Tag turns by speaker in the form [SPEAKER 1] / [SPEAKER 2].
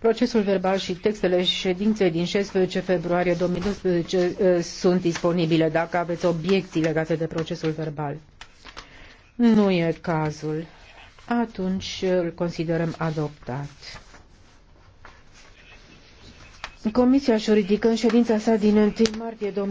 [SPEAKER 1] Procesul verbal și textele ședinței din 16 februarie 2012 uh, sunt disponibile dacă aveți obiecții legate de procesul verbal. Nu e cazul. Atunci îl considerăm adoptat.
[SPEAKER 2] Comisia juridică în ședința sa din 1 martie
[SPEAKER 3] 2012